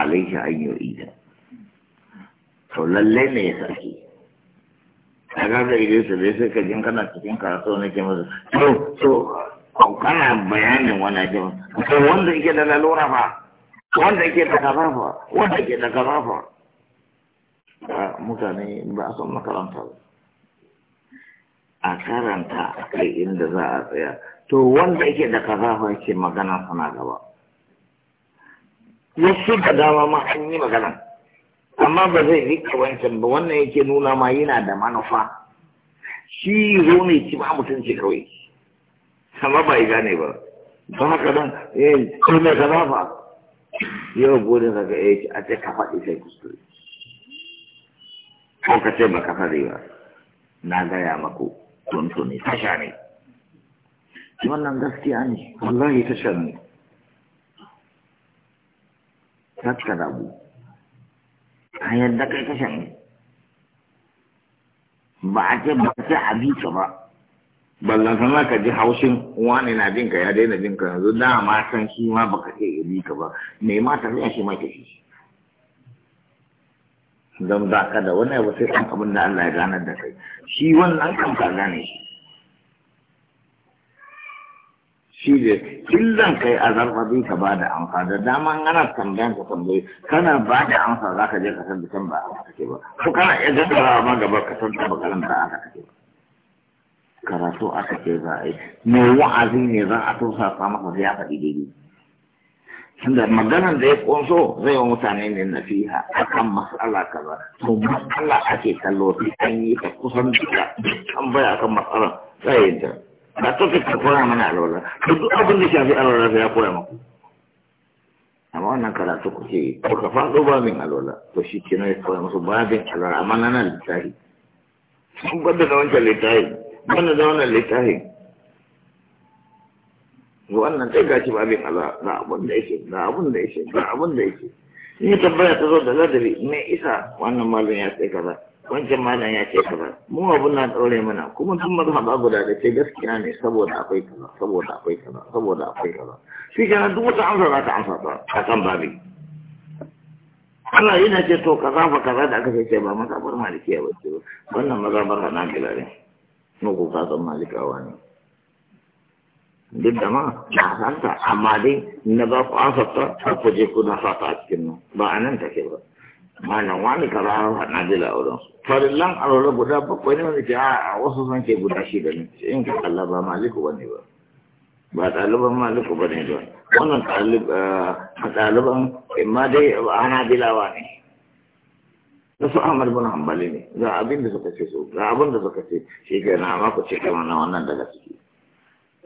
فعليه أن يعيده to lallai ne ya sake a gaza idan su dai sai ka jin kana cikin karatu ne ke masa to to kana bayanin wani jin to wanda yake da lalura fa wanda yake da kaza fa wanda yake da kaza fa mutane ba a son makaranta ba a karanta a kai inda za a tsaya to wanda yake da kaza fa yake magana sana gaba ya shiga dama ma an yi magana amma ba zai rika wancan ba wannan yake nuna ma yana da manufa shi zo ne ci ba mutunci kawai amma ba gane ba Ba haka nan eh kai mai kaza ba. yau gode ga eh a ce ka faɗi sai kuskure ko ka ce ba ka faɗi ba na gaya maku tuntuni tasha ne wannan gaskiya ne wallahi tasha ne kakka rabu a yadda kai kashe ne ba a ce ba ce a bi ka ba ballan sana ka ji haushin wani na jinka ya daina jinka yanzu dama san shi ma ba ka ce bi ka ba me ma tafiya shi ma tafi don ba ka da wani abu sai kan abin da Allah ya ganar da kai shi wannan kan ka gane shi shi ne zan kai a zarfafi ka ba da amsa da dama ana tambayan ka tambayi kana ba da amsa za ka je ka san bisan ba a kake ba ko kana iya gaggarawa ma gaba ka san ta bakalan ba a kake ba karatu a ce za a yi mai wa'azi ne za a tosa sa masa sai ya faɗi daidai tunda maganan da ya ƙunso zai wa mutane ne a kan matsala kaza to matsala ake kallo sai an yi ta kusan duka tambaya kan matsalan sai ya ba to ka koya mana alwala to duk abin da shafi alwala sai ya koya maku amma wannan karatu ku ce ko ka faɗo babin alwala to shi ke ya koya musu babin alwala amma na nan littafi sun gwada da wancan littafi gwada da wannan littafi wannan dai gashi babin alwala ga abin da yake ga abin da yake ga abin da yake in tabbaya ta zo da ladabi me isa wannan malam ya tsaye kaza wancan malam ya ce kaza mu abun na ɗaure mana kuma duk mazhaba guda da ce gaskiya ne saboda akwai kaza saboda akwai kaza saboda akwai kaza shi kenan duk wata amsa za ta amsa ta a kan babi Allah yana ce to kaza fa kaza da aka ce ba mazhabar malikiya ba ce wannan mazhabar hanabila ne mu ko ka san malikawa ne duk da ma na santa amma dai na ba ku amsa ta ku je ku na fata a cikin nan ba anan take ba Mana wani ka za a faɗa jila a wurin farillan alwala guda bakwai ne wani ke a wasu san ke guda da ne in ka kalla ba maliku ba ne ba ba ɗaliban maliku ba ne ba wannan ɗaliban imma dai a bilawa ne da su amar bin hambali ne ga abin da suka ce so ga abin da suka ce shi ke na maku ce kama na wannan daga ciki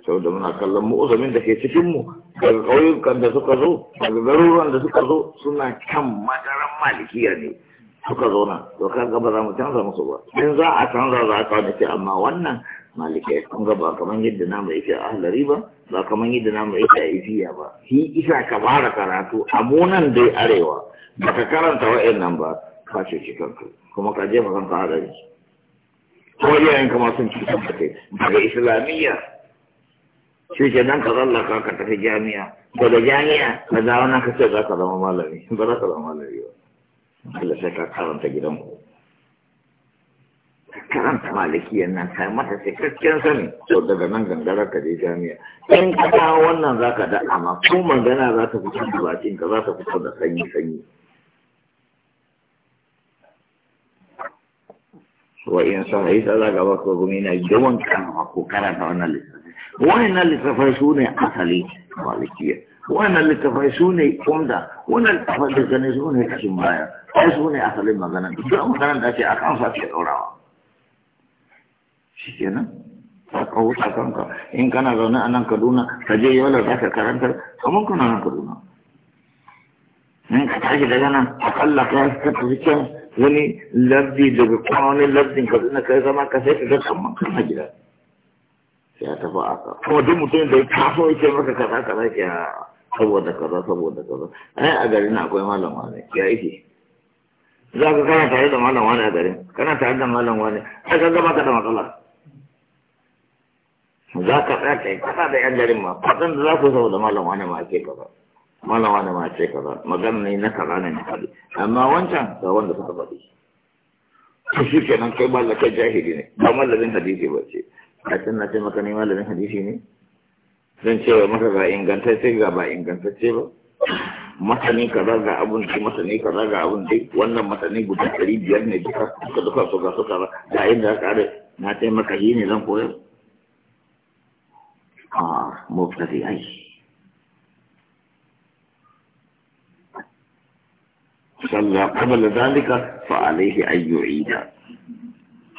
saboda muna kallon mu'uzamin da ke cikin mu daga kauyukan da suka zo daga garuruwan da suka zo suna kan madaran malikiya ne suka zo nan to kan gaba za mu canza musu ba in za a canza za a kawo ce amma wannan malikai kun ga ba kamar yadda namu yake a ahlari ba ba kamar yadda namu yake a ba shi isa ka fara karatu a munan dai arewa ba ka karanta nan ba ka ce shi kanka kuma ka je jefa kanka hadari ko iyayen kamar sun ci kanka daga islamiyya shi ke nan ka zallaka ka tafi jami'a daga jami'a ka dawo nan ka ce za ka zama malami ba za ka zama malami ba Allah sai ka karanta ku karanta malikiyar nan ta mata kakken sani to daga nan gangara ka je jami'a in ka kawo wannan za ka da'a ma ko magana za ta fito da bakin ka za ta fito da sanyi sanyi wa in sa yi tsada ba ko gumi na yawan kan ko karanta wannan lissafi wannan littafai su ne asali malikiya wannan littafai su ne kunda wannan littafai da gani su ne kashin baya ai su ne asalin magana duk maganan da ake a kan sa ke ɗaurawa shi kenan ka wuta kanka in kana zaune a nan kaduna ka je da za ka karantar kamar kuna nan kaduna in ka tashi daga nan akalla ka yi ka tafi can wani lardi daga kwanonin wani lardin kaduna ka yi zama ka sai ka ga kamar kana gida ya tafi aka ko duk mutum da ya taso yake maka kaza kaza ke ah, saboda kaza saboda kaza ai a garin akwai malam wani ya yake za ka kana tare da malam wani a garin kana tare da malam wani ai ka gama ka da matsala za ka tsaya kai kasa da yan garin ma fatan da za ku saboda malam wani ma ke kaza malam wani ma ce kaza magana ne na kaza ne na kaza amma wancan ga wanda suka faɗi to shi kenan kai mallaka jahili ne ba mallamin hadisi ba ce kacin na ce maka ne malamin hadisi ne zan ce maka ga ingantacce ga ba ingantacce ba masani kaza ga abun shi masani kaza ga abun dai wannan masani guda ɗari biyar ne duka suka duka su ga suka ba da inda ya kare na ce maka yi ne zan koyar a muftafi ai صلى قبل ذلك فعليه أن يعيد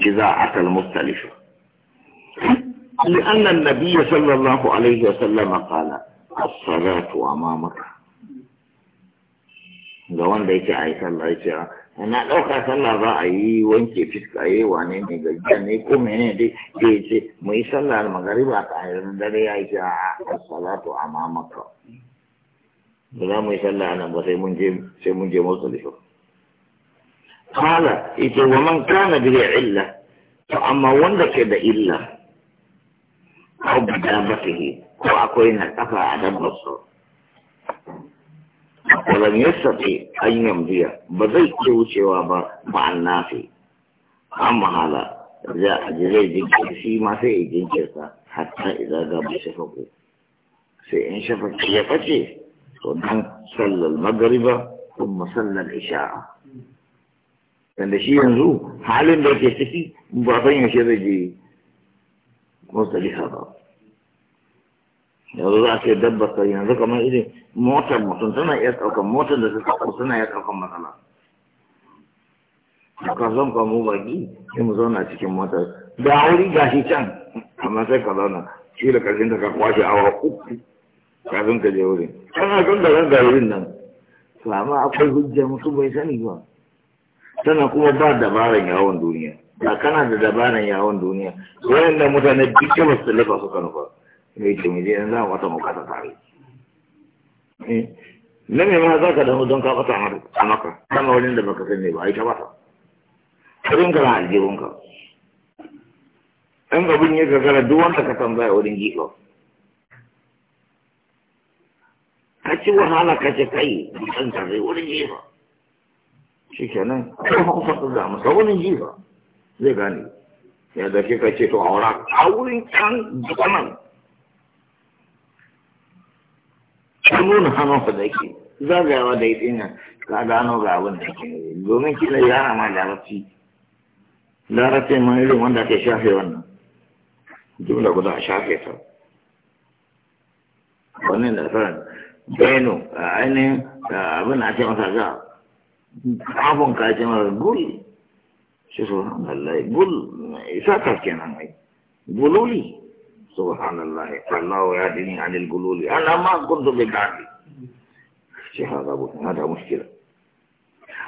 إذا أتى المختلف لأن النبي صلى الله عليه وسلم قال الصلاة أمامك ga wanda yake a yi sallah ya ce na ɗauka sallah ba a yi wanke fiska yi wane ne gajiya ne ko mene dai da ya ce mu yi sallah da magariba ta hanyar dare ya ce a salatu a mamaka ba za mu yi sallah nan ba sai mun je sai mun je motsa da shi kala ita wa man kana bi illa to amma wanda ke da illa عند دابته وأكوين الأفا على البصر ولم يستطيع أن يمضي بذي كوشي مع الناس أما هذا جاء جزيل جنكر فيما في جنكر حتى إذا قام شفقه سيئن شفق يفتي ونحن صلى المغرب ثم صلى العشاء عندما ينظر حالا لا da ke شبجي مصدر san yaushe yanzu za a ce dabba sai yanzu kamar irin motar mutum tana iya ɗaukar motar da suka ɗauko tana iya ɗaukar matsala a kasan kwamu baki sai mu zauna cikin motar da wuri gashi can amma sai ka zauna shi da ƙarshen ta ka kwashe awa uku kafin ka je wurin kana gangaren ga wurin nan to amma akwai hujja musu bai sani ba Tana kuma ba dabaran yawon duniya ba kana da dabaran yawon duniya wayannan mutane duk ba su lafa suka nufa sai ce mu je yanzu a wata mu kasa tare eh, na me ma za ka damu don ka fata a maka sama wajen da baka sani ba a yi ta fata abin ka na aljihunka in abin ya gagara duk wanda ka tambaya wurin jiƙo ka ci wahala ka ce kai mutum ka zai wurin jiƙo shi kenan ko hausa ga masa wurin jiƙo zai gane ya da ka ce to aura a wurin can duk an nuna hannunsa da yake zagayawa da yake nan ka gano ga abin da yake domin kila yara ma larabci larabci ma irin wanda ake shafe wannan jumla guda a shafe ta wannan da fara beno a ainihin abin da ake masa ga kafin ka ce masa gul shi so Allah gul isa ta kenan mai gululi سبحان الله الله يهدني عن القلول أنا ما كنت بدعتي هذا هذا مشكلة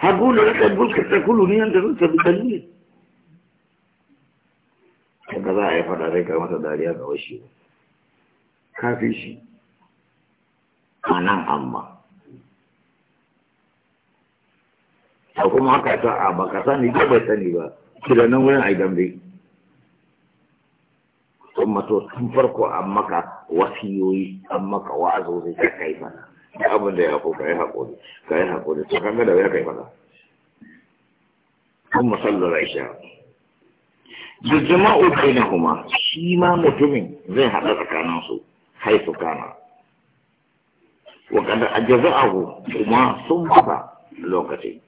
أقول لك أقول تقولني أنت لست بدليل kaga za a fada zai ka masa dariya ga washi kafin shi a nan amma a kuma haka ta a ah, sani ko sani ba shi nan wurin a yi dambe sun mato tun farko an maka wasiyoyi an maka zai ka kai mana da abin da ya ko ka yi haƙuri ka yi haƙuri to kan gada ya kai mana kun musallar aisha na kuma shi ma mutumin zai haɗa tsakaninsu su kana a jaza abu kuma sun fata lokaci.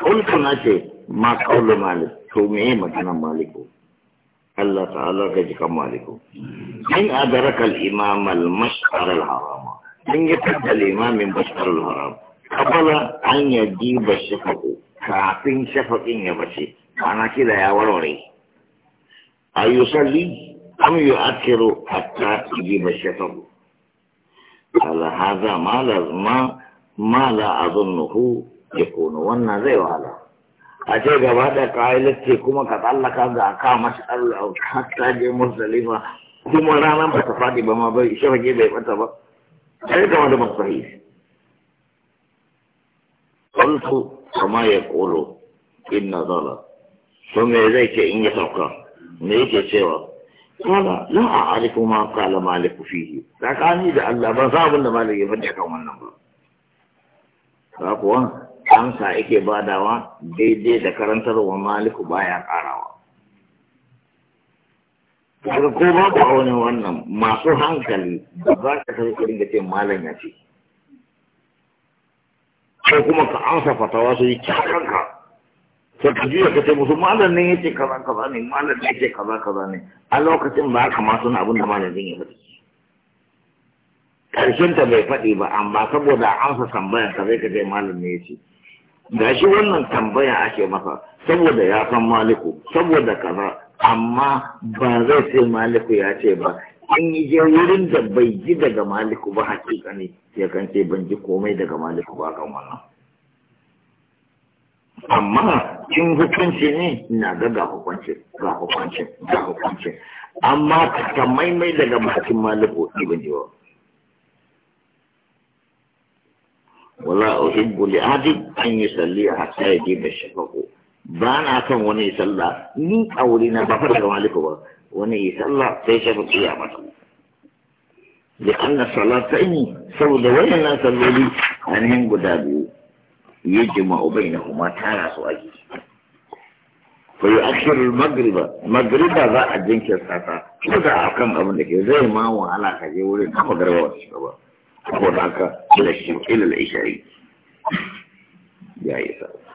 قلت ce ma kaulu malik to me magana مالكو الله تعالى كجك مالك إن أدرك الإمام المشعر الحرام إن يتد الإمام المشعر الحرام قبل أن يجيب الشفق كافين شفق يبشي أنا كده يا ولوري أيصلي أم يؤثر حتى يجيب الشفق على هذا ما لازم ما لا أظنه يكون وانا زي وهذا a ce gaba da ka'ilar ce kuma ka tsallaka ga a kama shi allah hatta je musulima kuma ranar ba ta faɗi ba ma bai shafage bai fata ba sai gama da masahi قلت كما يقول إن ظل ثم إليك إن يتوقع ميك سوى قال لا أعرف ما قال مالك فيه لكن إذا الله بصاب مالك يفتح ba النمر kuwa. amsa yake badawa daidai da karantarwa maliku baya karawa daga ko ba ku wani wannan masu hankali da za ka tafi da ce malam ya ce ko kuma ka amsa fatawa su yi kyakanka sai ka ka ce musu malam ne ya ce kaza kaza ne malam ne ya ce kaza kaza ne a lokacin ba ka ma suna abin da malamin ya faɗi karshen ta bai faɗi ba amma saboda amsa tambayar ka zai ka je malam ne ya ce da shi wannan tambaya ake masa saboda ya san maliku saboda kaza amma ba zai sai maliku ya ce ba in yi je wurin da bai ji daga maliku ba hakika ne ya kan ce ban ji komai daga maliku ba kan wannan amma in hukunci ne na ga ga hukunci ga hukunci ga hukunci amma ta maimai daga bakin maliku ban jawab ba ولا أحب لأحد أن يصلي حتى يجيب الشفق بان أكم وني يصلى ني أولينا بفرق مالك وني يصلى في شفق قيامة لأن الصلاة الصلاتين سود وين لا صلوا لي أنهم قدابي يجمع بينهما تارا سواجي فيؤخر المغرب مغرب ذا أجنك الساعة كذا أكم أبنك زي ما هو على خجي ولي كجوري نمغرب وشبه saboda haka ila shi ila ishari ya yi sa'a